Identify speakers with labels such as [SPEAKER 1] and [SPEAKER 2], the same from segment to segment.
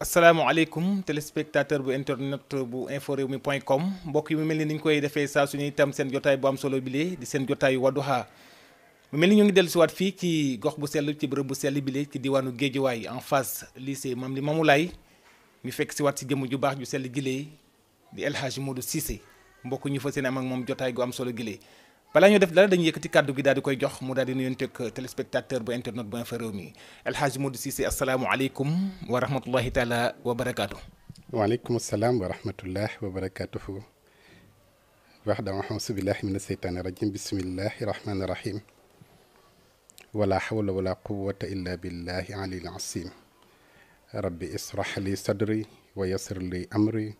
[SPEAKER 1] asalaamaaleykum téléspectateur bu internet bu info rewmi point com mbokk yi mu mel ni ñu koy defee saa su ñuy itam seen jotaay bu am solo bile di seen jotaayu xaa mu mel ni ñu ngi dellu dellusiwaat fii ci gox bu sell ci bërëb bu sell bile ci diwaanu Géejawaay en face lycée Mame li Mamulaay ñu fekk si waat si jëmm ju baax ju sell gile di El Hadj Modou mbokk ñu fa seen am ak moom jotaay gu am solo gile balaa ñoo def dara dañuy yëkkati kàddu gi daal di koy jox mu daal di nuyonteeg téléspectateur bu internet bu info réew mi El Hadj Modou Cissé asalaamualeykum wa rahmatullahi taala wa barakaatu.
[SPEAKER 2] waaleykum salaam wa rahmatullah wa barakaatuhu. wax dama auzu billahi mina seytaani rajim bismillahi rahmaani rahim. wala hawla wala quwwata illa billahi alil asim. rabbi israh li sadri wa li amri.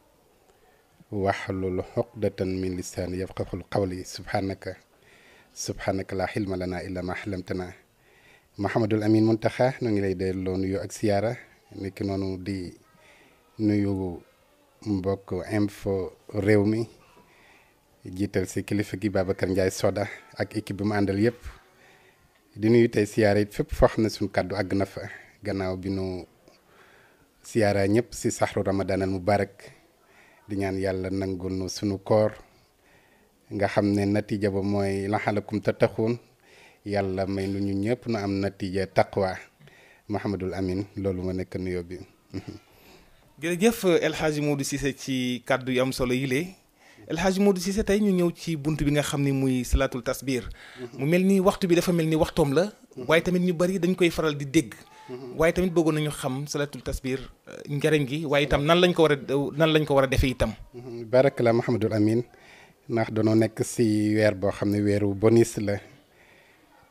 [SPEAKER 2] waxlul xuqdatan min lisaani yafqahul qawli subhanaka subhanaka laa xilma lana illa xalamtana Mouhamadul Amin Muntaxa nu ngi lay delloo nuyu ak siyaara nekk noonu di nuyu mbokk info réew mi jiital si kilifa gi Babacar Ndiaye Soda ak équipe bi mu yëpp di nuyu tey siyaara it foo xam ne suñu kàddu àgg na gannaaw bi nu siyaara ñëpp si saxru ramadan al mubarak di ñaan yàlla nangul nu sunu koor nga xam ne natija ba mooy laxalakum tattaxuun yàlla may lu ñu ñëpp nu am natija taqwa Mahamadul Amin loolu ma nekk nuyoo bi.
[SPEAKER 1] jërëjëf El Hadj Modou ci kàddu yu am solo yi lee El Hadj tey ñu ñëw ci bunt bi nga xam ni muy salaatul tasbir mhm. mu mel ni waxtu bi dafa mel ni waxtoom la. Mhm. waaye tamit ñu bari dañ koy faral di dégg. waaye tamit bëggoon nañu xam salatul tasbir euh, njariñ gi waaye itam nan lañ ko war a nan lañ ko war a defee itam.
[SPEAKER 2] barakala Mahamadul Amin ndax danoo nekk si weer boo xam ne weeru bonis la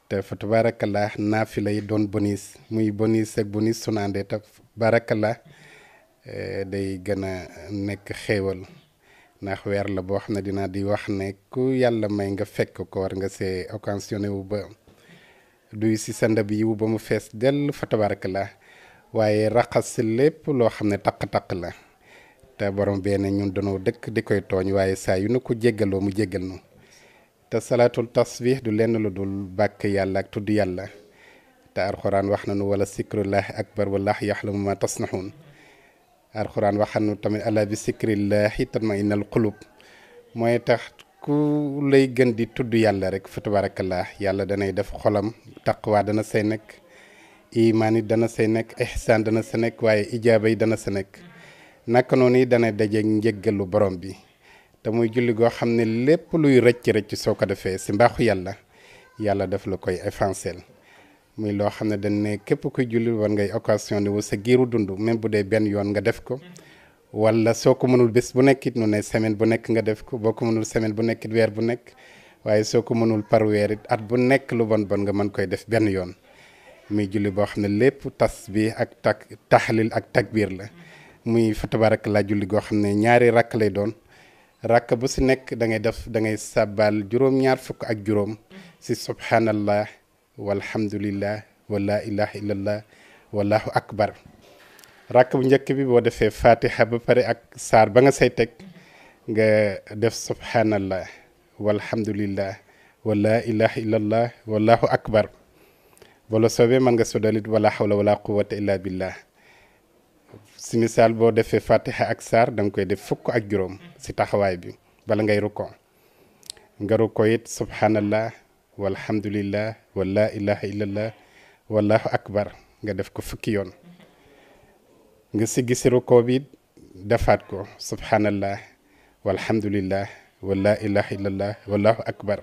[SPEAKER 2] te fa tabarakallah naafi lay doon boniis muy bonis ak bonis su naandee te barakala euh, day gën a nekk xéewal ndax weer la boo xam ne dinaa di wax ne ku yàlla may nga fekk ko war nga see occasionné wu ba. duy si sa ndab yiw ba mu fees dell fa tabarakallah waaye raxas lépp loo xam ne taq-taq la te borom benn ñun danoo dëkk di koy tooñ waaye saa yu nu ko jéggaloo mu jéggal nu te salaatul tasbih du lenn lu dul bàkk yàlla ak tudd yàlla te alxuraan wax nañu wala sikrullahi akbar wallaahi yaxlamu ma tasnaxuun alxuraan wax nañu tamit ala bi sikrillahi tatma innal qulub mooy tax ku lay gën di tudd yàlla rek fa tabarakallah yàlla danay def xolam taqwa dana say nekk imaan it dana say nekk ihsaan dana sa nekk waaye ijaaba yi dana sa nekk naka noonu yi dana daje njëggalu borom bi te muy julli goo xam ne lépp luy rëcc rëcc soo ko defee si mbaaxu yàlla yàlla daf la koy effancel muy loo xam ne dañ ne képp kuy julli war ngay occasion ne wu sa giiru dund même bu dee benn yoon nga def ko. wala soo ko mënul bés bu nekk it nu ne semaine bu nekk nga def ko boo ko mënul semaine bu nekk it weer bu nekk waaye soo ko mënul par weer at bu nekk lu bon bon nga mën koy def benn yoon muy julli boo xam ne lépp tas bi ak tak taxalil ak takbiir la muy fa tabarak laa julli goo xam ne ñaari rakk lay doon rakk bu si nekk da ngay def da ngay sàbbaal juróom-ñaar fukk ak juróom si subhanallah walhamdulillah wa la ilaha illallah wallahu akbar rakk bu njëkk bi boo defee fatiha ba pare ak saar ba nga say teg nga def subhanallah walhamdulillah wala ilaha illallah wallahu akbar bala soobee mën nga sodalit wala hawla wala quwata illa billah si misaal boo defee fatiha ak saar danga koy def fukk ak juróom si taxawaay bi bala ngay rukkoo nga rukkoo it subhanallah walhamdulillah wala akbar nga def ko fukki yoon nga si gisi rukkoo bi defaat ko subhanallah walhamdulillah wala ilaha illallah wallahu akbar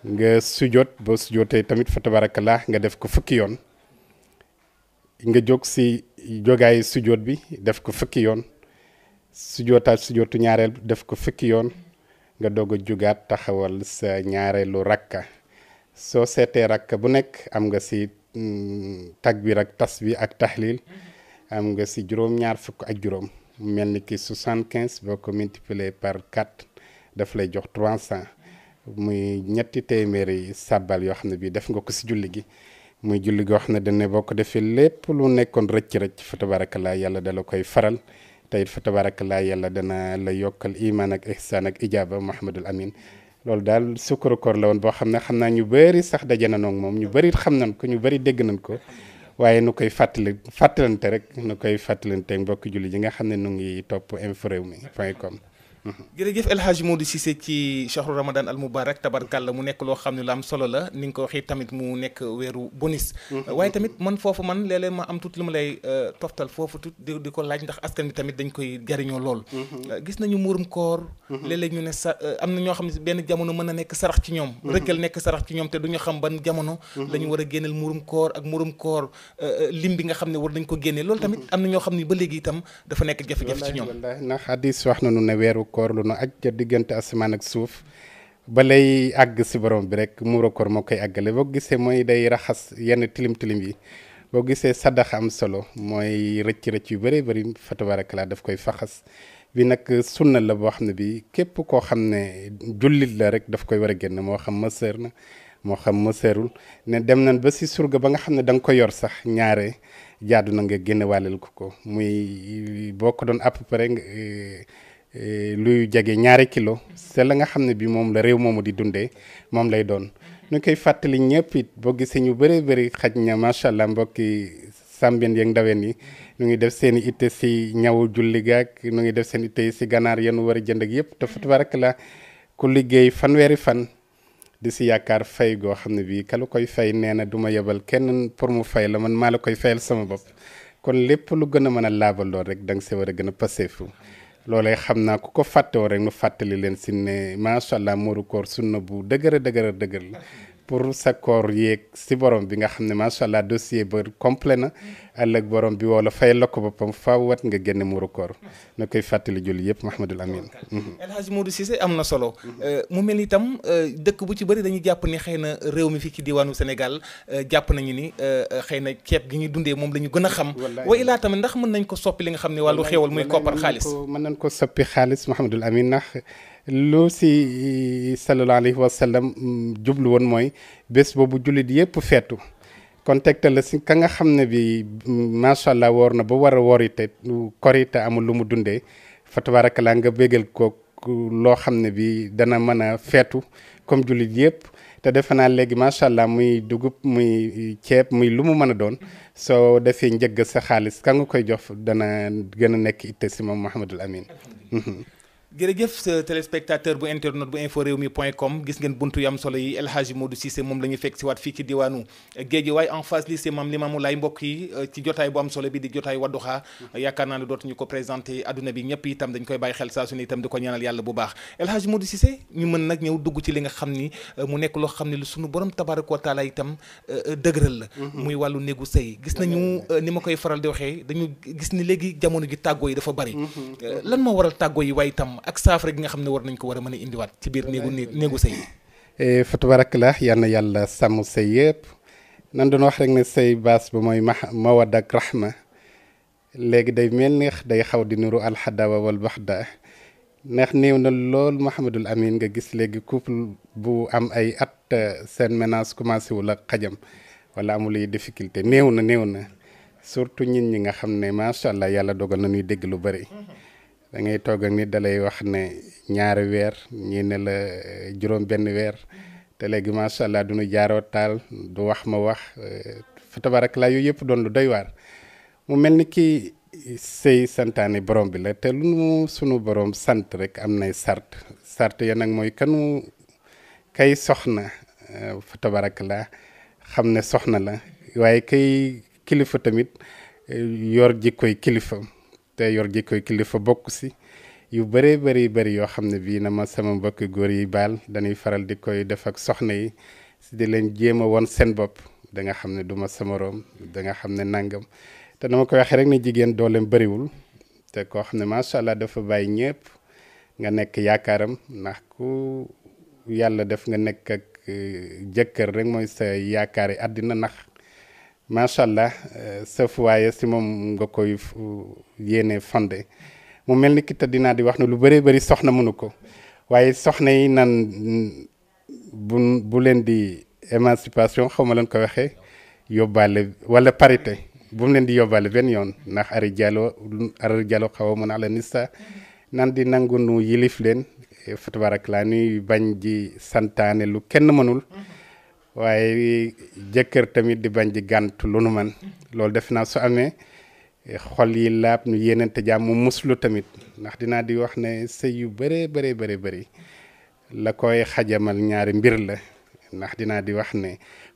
[SPEAKER 2] nga sujjoot boo sujjootee tamit fa tabarakallah nga def ko fukki yoon nga jóg si jógaay sujjoot bi def ko fukki yoon sujjootaat sujjootu ñaareel def ko fukki yoon nga doog a jugaat taxawal sa ñaareelu rakka soo seetee rakka bu nekk am nga si mm, takbir ak tas bi ak tahlil am nga si juróom-ñaar fukk ak juróom mel ni ki soixante quinze boo ko multiplier par quatre daf lay jox trois cent muy ñetti téeméeri sàbbal yoo xam ne bii def nga ko si julli gi muy julli goo xam ne dañ boo ko defee lépp lu nekkoon rëcc-rëcc fa tabarakalaa yàlla dala koy faral te it fa tabarakalaa yàlla dana la yokkal iman ak ihsaan ak ijaaba Muhammadul Amin loolu daal sukkaru koor la woon boo xam ne xam naa ñu bëri sax daje na moom ñu bëri xam nañ ko ñu bëri dégg nañ ko waaye nu koy fàttali fàttalante rek nu koy fàttalante mbokki julli ji nga xam ne nu ngi topp info rewmi point com
[SPEAKER 1] jërëjëf El Hadj Modou Cissé ci chahru ramadan al mubarak tabarkàlla mu nekk loo xam ne la am solo la ni nga ko waxee tamit mu nekk weeru bonus mhm. waaye tamit man foofu man léeg ma am tuuti lu ma lay euh, toftal foofu tuuti di di ko laaj ndax askan bi tamit dañ koy jariñoo lool mhm. euh, gis nañu muurum koor mhm. léeg-léeg ne sa euh, am na ñoo xam ne benn jamono mën a nekk sarax ci ñoom rëkkal nekk sarax ci ñoom te du ñu xam ban jamono la ñu war a génneel murum koor ak murum koor lim bi nga xam ne war nañ ko génnee loolu tamit am na ñoo xam ni ba léegi itam dafa nekk jafe-jafe ci
[SPEAKER 2] ñoom koor lu nu aj ca diggante asamaan ak suuf ba lay àgg si borom bi rek muuro koor moo koy àggale boo gisee mooy day raxas yenn tilim tilim yi boo gisee saddax am solo mooy rëcc rëcc yu bëree bëri fa tabarakalaa daf koy faxas bi nag sunna la boo xam ne bi képp koo xam ne jullit la rek daf koy war génn moo xam mësër na moo xam mësërul ne dem nañ ba si surga ba nga xam ne da nga ko yor sax ñaare jaadu na nga génne wàllal ko ko muy boo ko doon à peu Eh, luy jege ñaari kilo c'est la nga xam ne bi moom la réew moomu di dundee moom lay doon ñu koy fàttali ñëpp it boo gisee ñu bëree bëri xaj na macha allah mbokki sàmbeen yeeg ndaween yi ñu ngi def seen i itte si ñawu julli gaag ñu ngi def seen itte si ganaar yéen war a jënd yëpp te fa tabaraka la ku liggéey fanweeri fan di si yaakaar fay goo xam ne bii lu koy fay nee na du ma yebal kenn pour mu fay la man maa la koy fayal sama bopp kon lépp lu gën a mën a laabal lool rek da nga war a gën a paseefu loolee xam naa ku ko fàttewoo rek nu fàttali leen si ne macha allah mooru koor sunna bu dëgër dëgër dëgër la pour sakkoor yeeg si borom bi nga xam ne macha allah dossier ba complet na àllëg borom bi woo fay fayal la ko boppam faaw wat nga génn muuru koor na koy fàttali julli yëpp Mouhamadul Amin.
[SPEAKER 1] El Hadj Modou Cissé am na solo. Euh, mu mel ni itam euh, dëkk bu ci bari dañuy jàpp ni xëy na réew mi fii ci diwaanu Sénégal euh, jàpp nañu ni xëy na ceeb gi ñu dundee moom la gën a xam. wa ilaa tamit ndax mën nañ ko soppi li nga xam ne wàllu xéewal muy koppar xaalis.
[SPEAKER 2] mën nañ ko soppi xaalis Mouhamadul Amin ndax lu si sallallahu alayhi wa sallam mm, jublu mooy bés boobu jullit yëpp feetu kon tegtal la si ka nga xam ne bi macha allah woor na ba war a worite korite amul lu mu dundee fa tabarakalaa nga bégal ko loo xam ne bi dana mën a feetu comme jullit yëpp te defe naa léegi macha allah muy dugub muy ceeb muy lu mu mën a doon soo defee njëgg sa xaalis ka koy jox dana gën a nekk itte si moom Mouhamadul Amine
[SPEAKER 1] jërëjëf sa téléspectateur bu internet bu info réew mi point com gis ngeen buntu yam solo yi El Hadji Modou Cissé moom la ñu fekk si waat fii ci diwaanu Guédiawaye en face lycée Mame Limamou Laye mbokk yi euh, ci jotaay bu am solo bi di jotaay Wadduha yaakaar naa ne dootuñu ko présenté adduna bi ñëpp itam dañ koy bàyyi xel saa su di ko ñaanal yàlla bu baax El Hadji Modou ñu mën nag ñëw dugg ci li nga xam ni euh, mu nekk loo xam ne lu sunu borom tabarak wa taala itam euh, dëgëral la mm-hmm. muy wàllu néegu sëy mm-hmm. ni koy faral di waxee dañu gis ni léegi jamono gi tàggoo yi dafa bari mm-hmm. lan moo waral yi waaye ak saafara gi nga xam ne war nañ ko war a mën a indiwaat ci biir néegu néegu sëy yi
[SPEAKER 2] eh, fa tabarakallah yal na yàlla sàmm sëy yëpp nan doon wax rek ne sëy baas ba mooy ma mawadda ak rahma léegi day mel neex day xaw di nuru alxadawa wax baxda neex néew na lool Mouhamadul Amin nga gis léegi couple bu am ay at seen ménage commencé wul ak xajam wala amul ay difficulté néew na néew na surtout ñun ñi nga xam ne macha allah yàlla dogal na ñuy dégg lu bëri. Mm-hmm. da ngay togg ak nit da wax ne ñaari weer ñii ne la eh, juróom benn weer te léegi macha allah du nu jaaroo du wax ma wax eh, fa tabarak laa yooyu yëpp doon lu doy waar mu mel ni kii sëy santaane borom bi la te lu nu sunu borom sant rek am nay sart sart ya nag mooy kanu kay soxna eh, fa tabarak la xam ne soxna la waaye kay kilifa tamit yor jikkoy kilifa te yor jikkoy kilifa bokk si yu bëree bëri bëri yoo xam ne bii na ma sama mbokk góor yi baal dañuy faral di koy def ak soxna yi si di leen jéem a won seen bopp danga xam ne du ma sama room da nga xam ne nangam te dama koy waxee rek ne jigéen dooleem bëriwul te koo xam ne macha allah dafa bàyyi ñëpp nga nekk yaakaaram nax ku yàlla def nga nekk ak eh, jëkkër rek mooy sa yaakaari àddina nax macha allah eh, sëf waaye si moom nga koy yéene fande mu mel ni ki te dinaa di wax na lu bëree bëri soxna mënu ko waaye soxna yi nan bu leen di émancipation xaw ma leen ko waxee yóbbaale wala parité bu mu leen di yóbbaale benn yoon ndax ari jalo ari jalo xaw ma naa la nista nan di nangu nu yilif leen eh, fatabarak laa nuy bañ ji santaane lu kenn mënul. waaye jëkkër tamit di bañ di gàntu lu nu man loolu def naa su amee xol yi laab nu yéenante jàmm mu muslu tamit ndax dinaa di wax ne sëy yu bëree bëree bëri bëri la koy xajamal ñaari mbir la ndax dinaa di wax ne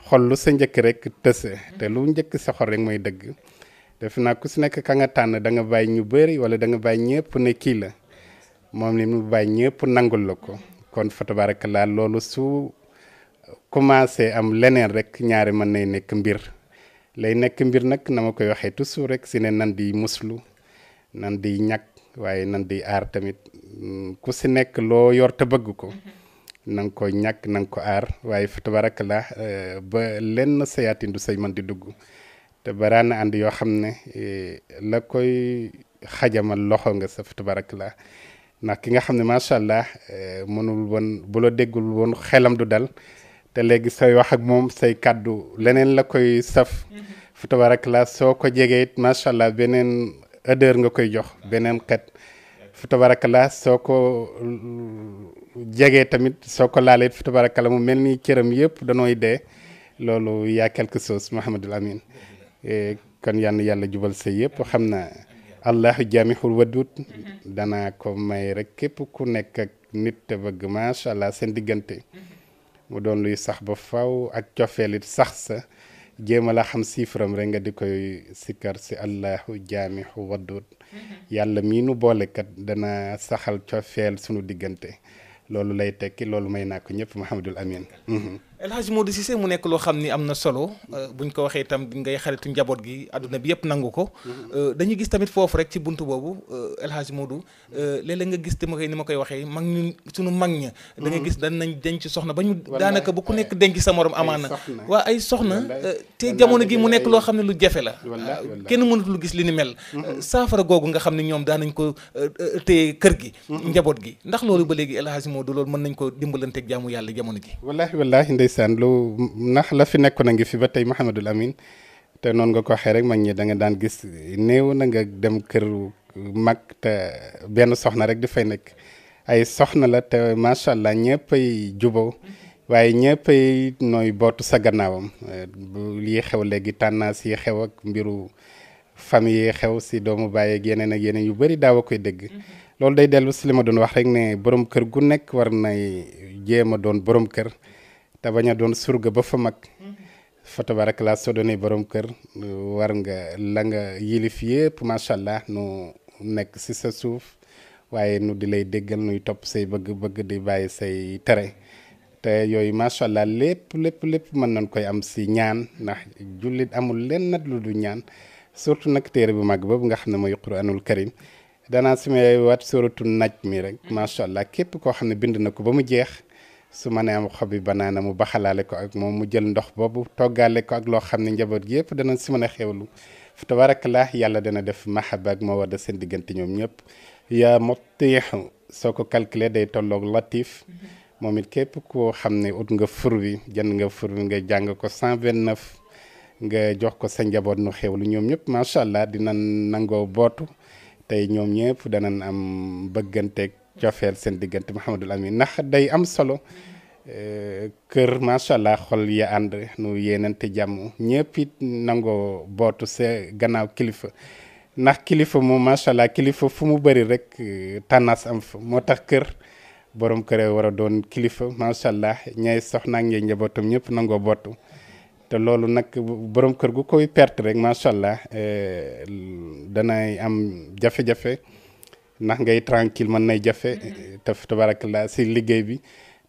[SPEAKER 2] xol lu sa njëkk rekk tëse te lu njëkk sa xol rek mooy dëgg def naa ku si nekk ka nga tànn da nga bàyyi ñu bëri wala da nga bàyyi ñëpp ne kii la moom li mu bàyyi ñëpp nangul la ko kon fa tabaarakallaa loolu su commencé am leneen rek ñaari mën nay nekk mbir lay nekk mbir nag na ma koy waxee toujours rek si ne nan di muslu nan di ñàkk waaye nan di aar tamit mm, ku si nekk loo yor te bëgg ko na nga ko ñàkk na ko aar waaye fa tabarakallah eh, ba lenn sayaatin du say mën di dugg te baraana ànd yoo xam ne eh, la koy xajamal loxo nga sa fa tabarakallah ndax ki nga xam ne macha allah eh, mënul woon bu la déggul woon xelam du dal. te léegi sooy wax ak moom say kàddu leneen la koy saf mm-hmm. fu tabarak soo ko jegee macha allah beneen odeur nga koy jox beneen xet fu tabarak soo ko jegee tamit soo ko laalee fu tabarak mu mel ni cëram yëpp danooy dee loolu yaa quelque chose Mouhamadul Amin e, kon yàlla jubal sa yëpp xam naa allahu jaamihul wadud mm-hmm. danaa ko may rek képp ku nekk ak nit te bëgg macha allah seen diggante mm-hmm. mu doon luy sax ba faw ak cofeelit sax sa jéem la xam siifram rek nga di koy sikkar si allahu jaamihu waddut yàlla mii nu boolekat dana saxal cofeel sunu diggante loolu lay tekki loolu may naa ko ñëpp Mouhamadul Amine
[SPEAKER 1] El Hadj Modou Cissé mu nekk loo xam ni am na solo euh, buñ ko waxee itam ngay xaritu njaboot gi àdduna bi yëpp nangu ko mm-hmm. euh, dañu gis tamit foofu rek ci bunt boobu euh, El Hadj Modou léeg nga gis te ma koy ni ma koy waxee mag ñun suñu mag ña mm-hmm. da gis dañ nañ denc soxna ba ñu daanaka bu ku nekk denc sa morom amaana waa ay soxna te jamono gi mu nekk loo xam ne lu jafe la ah, kenn mënut lu gis li ni mel mm-hmm. saafara googu xam ne ñoom daanañ ko téye kër gi njaboot gi ndax loolu ba léegi El Hadj Modou loolu mën nañ ko dimbalante ak jaamu yàlla jamono gi
[SPEAKER 2] ndeysaan lu ndax la fi nekkoon a ngi fi ba tey Mouhamadul Amin te noonu nga ko waxee rek mag ñi da nga daan gis néew na nga dem kër mag te benn soxna rek di fay nekk ay soxna la te macha allah ñëpp ay juboo waaye ñëpp ay nooy bootu sa gannaawam lii xew léegi tànnaas yi xew ak mbiru famille yi xew si doomu baay ak yeneen ak yeneen yu bëri daaw koy dégg. Mm-hmm. loolu day dellu si li doon wax rek ne boroom kër gu nekk war nay jéem a doon boroom kër. te bañ a doon surga ba fa mag fa tabarak la soo doonee borom kër war nga la nga yilif yëpp macha allah nu nekk si sa suuf waaye nu di lay déggal nuy topp say bëgg-bëgg di bàyyi say tere te yooyu macha allah lépp lépp lépp mën nañ koy am si ñaan ndax jullit amul lenn nag lu du ñaan surtout nag téere bu mag boobu nga xam ne mooy quranul karim danaa simay waat suratu naj mi rek macha allah képp koo xam ne bind na ko ba mu jeex su ma nee am xobi banaana mu baxalaale ko ak moom mu jël ndox boobu toggale ko ak loo xam ne njaboot gi yëpp dana si mën a xewlu fa tabarakallah yàlla dana def mahaba ak moo war da seen diggante ñoom ñëpp yaa mutiixu soo ko calculer day tolloog latif moom it képp koo xam ne ut nga fur wi jënd nga fur wi nga jàng ko 129 nga jox ko sa njaboot nu xewlu ñoom ñëpp macha allah dina nangoo bootu tey ñoom ñëpp danañ am bëgganteeg cofeel seen diggante Mouhamadul Amin ndax day am solo eh, kër macha allah xol ya ànd nu yéenante jàmm ñëpp it nangoo bootu sa gannaaw kilifa ndax kilifa moom macha allah kilifa fu mu bëri rek eh, tànnaas am fa moo tax kër borom kër war a doon kilifa macha allah ñay soxna ak ñay njabootam ñëpp nangoo bootu. te loolu nag borom kër gu koy perte rek macha allah eh, danay am jafe-jafe. ndax ngay tranquille mën nay jafe mm-hmm. te tabarakallah si liggéey bi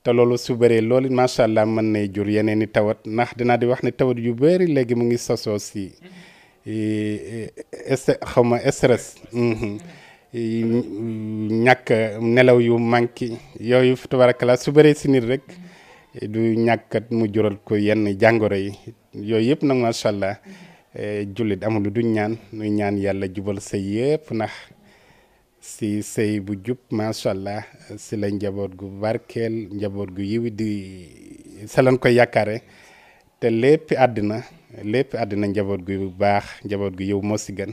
[SPEAKER 2] te loolu su bëree loolu macha allah mën nay jur yeneen i tawat ndax dinaa di wax ne tawat yu bëri léegi mu ngi sosoo si mm-hmm. eh, eh, xaw ma mm-hmm. Eh, ñàkk nelaw yu manqué yooyu tabarakallah su bëree si nit rek du ñàkkat mu jural ko yenn jàngoro yi yooyu yëpp nag macha allah jullit amul du ñaan nuy ñaan yàlla jubal sa yëpp nax si sëy bu jub macha allah si la njaboot gu barkeel njaboot gu yiw di sa lañ koy yaakaare te lépp àddina lépp àddina njaboot gu baax njaboot gu yiw moo si gën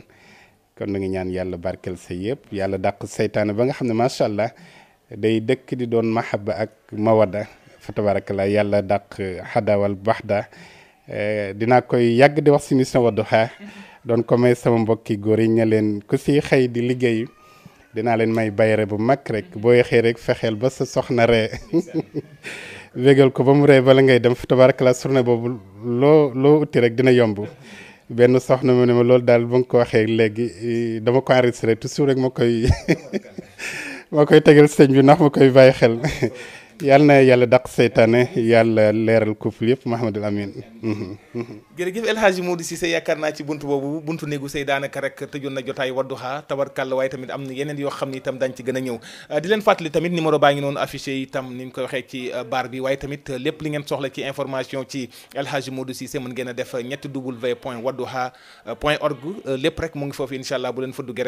[SPEAKER 2] kon na ngi ñaan yàlla barkeel sëy yëpp yàlla dàq seytaane ba nga xam ne macha allah day dëkk di doon mahaba ak mawada fa tabarakallah yàlla dàq xadawal baxda eh, dina koy yàgg di wax si mission Wadduha mm-hmm. doon ko may sama mbokki góor yi ña leen ku si xëy di liggéey dinaa leen may bayre bu mag rek boo yéexee rek fexeel ba sa soxna ree bégal ko ba mu ree bala ngay dem fa tabaarkalla journée boobu loo loo utti rek dina yomb benn soxna mu ne ma loolu daal ba nga ko waxee léegi eh, dama ko enregistré toujours rek ma koy ma koy tegal sëñ bi ndax ma koy bàyyi xel yàlla na yàlla dàq seytaane yàlla leeral ko yëpp Mahamadul Amin. Mhm.
[SPEAKER 1] jërëjëf El Hadji Modou Cissé yaakaar naa ci buntu boobu buntu néegu sëy daanaka rek tëjoon na jotaay Wadduha tabarkàlla waaye tamit am na yeneen yoo xam ni itam dañ ci gën a ñëw euh, di leen fàttali tamit numéro baa ngi noonu affiché itam ni ñu koy waxee ci euh, bar bi waaye tamit euh, lépp li ngeen soxla ci information ci El Hadji Modou mën ngeen a def ñetti w point point org lépp rek mu ngi foofu incha allah bu leen fa duggee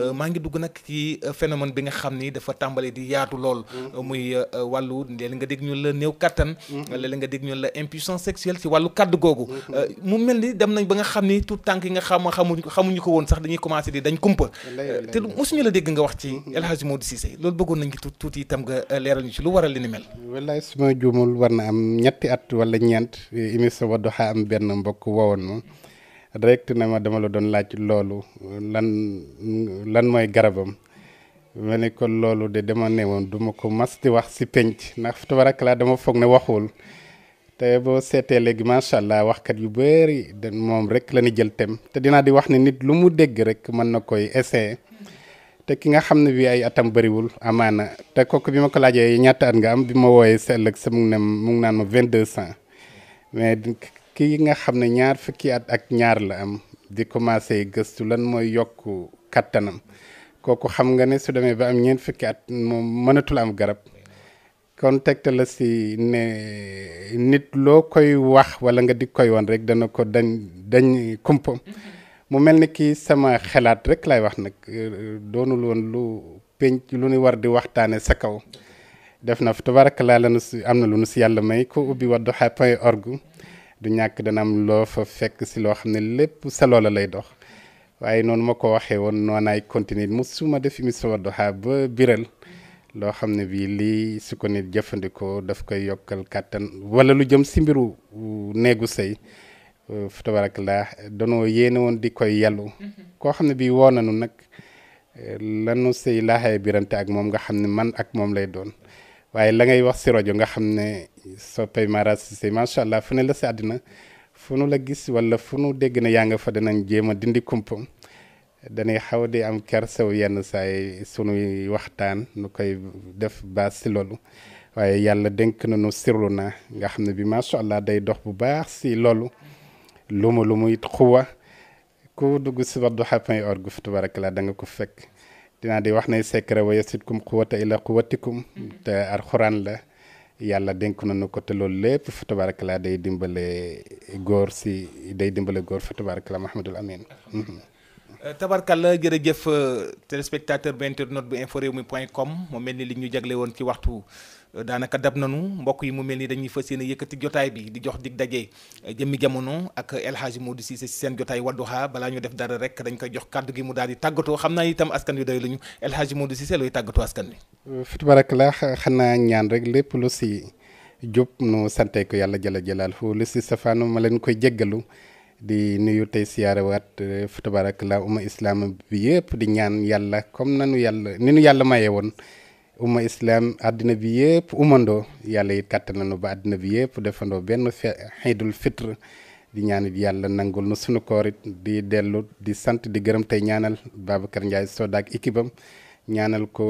[SPEAKER 1] a maa ngi dugg nag ci euh, phénomène bi nga xam ni dafa tàmbali di yaatu lool. Mm-hmm. muy euh, euh, wàllu léeg nga dégg ñu la néew kattan. Mm-hmm. léeg nga dégg ñu la impuissance sexuelle ci wàllu kaddu googu. Mm-hmm. mu mel ni dem nañ ba nga xam ni tout tànk yi nga xam xamuñu xamuñu ko woon sax dañuy commencé di dañ kumpa. te mosuñu la dégg nga wax ci El Hadj Modou Cissé loolu bëggoon nañ ci tuuti tuuti itam nga leeral ñu ci lu waral li ni mel. wallaay
[SPEAKER 2] su ma juumul war na am ñetti at wala ñeent émission Wadduha am benn mbokk wowoon ma direct na ma dama la doon laaj loolu lan lan mooy garabam ma ne ko loolu de dama ne woon duma ko mas di wax si penc ndax laa dama foog ne waxul te boo seetee léegi macha allah waxkat yu bari de moom rek la ñu jël tem te dinaa di wax ne nit lu mu dégg rek mën na koy essayer te ki nga xam ne bi ay atam bëriwul amaana te kooku bi ma ko laajee ñaata at nga am bi ma wooyee sa ëllëg sa mu ngi ne mu naan ma vingt-deux ans mais ki nga xam ne ñaar fukki at ak ñaar la am di commencé gëstu lan mooy yokku kattanam kooku xam nga ne su demee ba am ñeent fukki at moom mënatul am garab kon tegte la si ne nit loo koy wax wala nga di koy wan rek dana ko dañ dañ kumpam mu mel ni kii sama xelaat rek lay wax nag doonul woon lu penc lu ñu war di waxtaane sa kaw def na fa tabaarakalaa la nu si am na lu nu si yàlla may ko ubbi wadduha point org du ñàkk dana am loo fa fekk si loo xam ne lépp sa loola lay dox waaye noonu ma ko waxee woon noonaay continuer musuma def émission Wadduha ba biral loo xam ne bii lii su ko nit jëfandikoo daf koy yokkal kàttan wala lu jëm si mbiru néegu sëy fa tabarakallah danoo yéene woon di koy yàllu mm-hmm. koo xam ne bii woo nañu nag lanu sëy laaxaye birante ak moom nga xam ne man ak moom lay doon waaye la ngay wax si rajo nga xam ne soppay Mara Cissé macha allah fu ne la si àddina fu nu la gis wala fu nu dégg na yaa nga fa danañ jéem a dindi kumpam danay xaw di am sew yenn saay sunuy waxtaan nu koy def baas si loolu waaye yàlla dénk na nu sirlu na nga xam ne bi macha allah day dox bu baax si loolu lu mu lu muy xuwa ku dugg si Wadduha point org fi tabarakallah da nga ko fekk dinaa de wax ne secret wa yasidkum quwwata ila quwwatikum te alxuraan la yàlla denk nañu ko te loolu lépp fa tabaarakalaa day dimbale góor si day dimbale góor fa tabaarakalaa Mahamadul Amin
[SPEAKER 1] tabarkalla jërëjëf euh, téléspectateur bi internet bu info rewmi point com mu mel ni li ñu jagle woon ci waxtu euh, daanaka dab nanu mbokk yi mu mel ni dañuy fas yéene yëkkati jotaay bi di jox dig daje euh, jëmmi jamono ak El Hadji Modou Cissé si seen jotaay Wadduha balaa ñu def dara rek dañ koy jox kàddu gi mu daal di tàggatoo xam naa itam askan wi doy lañu El Hadji Modou Cissé looy tàggatoo askan wi. fi
[SPEAKER 2] tabarakalla xanaa ñaan rek lépp lu si jub nu sante ko yàlla jëla jëlaal fu lu si safaanu ma leen koy jéggalu. di nuyu tey siyaare waat eh, fa tabarakallah umma islam bi yëpp di ñaan yàlla comme nanu yàlla ni nu yàlla maye woon umma islam àddina bi yëpp umandoo yàlla it kàttan nañu ba àddina bi yëpp defandoo benn fe xeydul fitre di ñaan it yàlla nangul nu sunu koor it di dellu di sant di gërëm tey ñaanal Babacar Ndiaye Soda ak ñaanal ko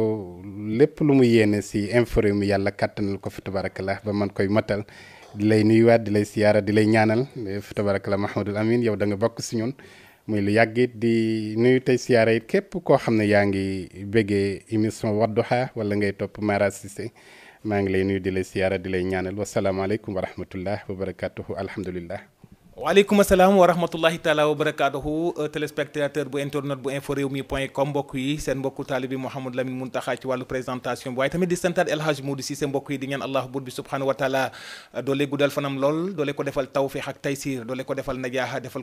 [SPEAKER 2] lépp lu mu yéene si inforé mu yàlla kàttanal ko fa ba man koy matal di lay nuyuwaat di lay siyaara di lay ñaanal tabaarakalla Mahmadul Amin yow da nga bokk si ñun muy lu yàgg it di nuyu tey siyaara it képp koo xam ne yaa ngi bëggee émission Wadduha wala ngay topp Mara Cissé maa ngi lay nuyu di lay siyaara di lay ñaanal wasalaamaaleykum wa rahmatullah wa barakatuhu alhamdulillah
[SPEAKER 1] waaleykum asalaam wa rahmatullahi taala wa barakaatuhu euh, téléspectateur bu internet bu info réew mi point com mbokk yi seen mbokku taalibi Mouhamadou Lamine tamit di santaat El Hadj Modou Cissé mbokk yi di ngeen allah buur bi wa taala euh, doole ko defal tawfiq ak taysir doole ko defal najaaxa defal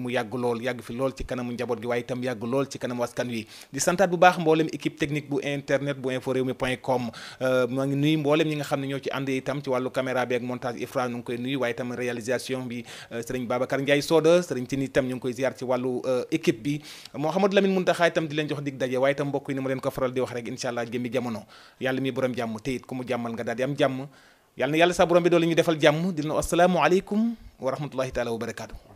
[SPEAKER 1] mu yàgg lool yàgg fi lool ci kanamu njaboot gi waaye itam yàgg lool ci kanamu waskan wi di santaat bu baax mboolem équipe technique bu internet bu info réew mi point com euh, maa ngi nuyu mboolem ñi nga xam ne ñoo ci ànd itam ci wàllu caméra bi ak montage ifra ñu koy nuyu waaye itam bi euh, sëriñ Babacar Ndiaye Soda sëriñ Tini itam ñu ngi koy ziar ci wàllu euh, équipe bi Mouhamadou Lamine Muntaxa itam di leen jox dig daje waaye itam mbokk yi ni ma leen ko faral di wax rek incha allah jëmmi jamono yàlla mi borom jàmm te ku mu jàmmal nga daal di am jàmm yàlla na borom bi doole ñu defal jàmm di leen asalaamaaleykum wa rahmatullahi taala wa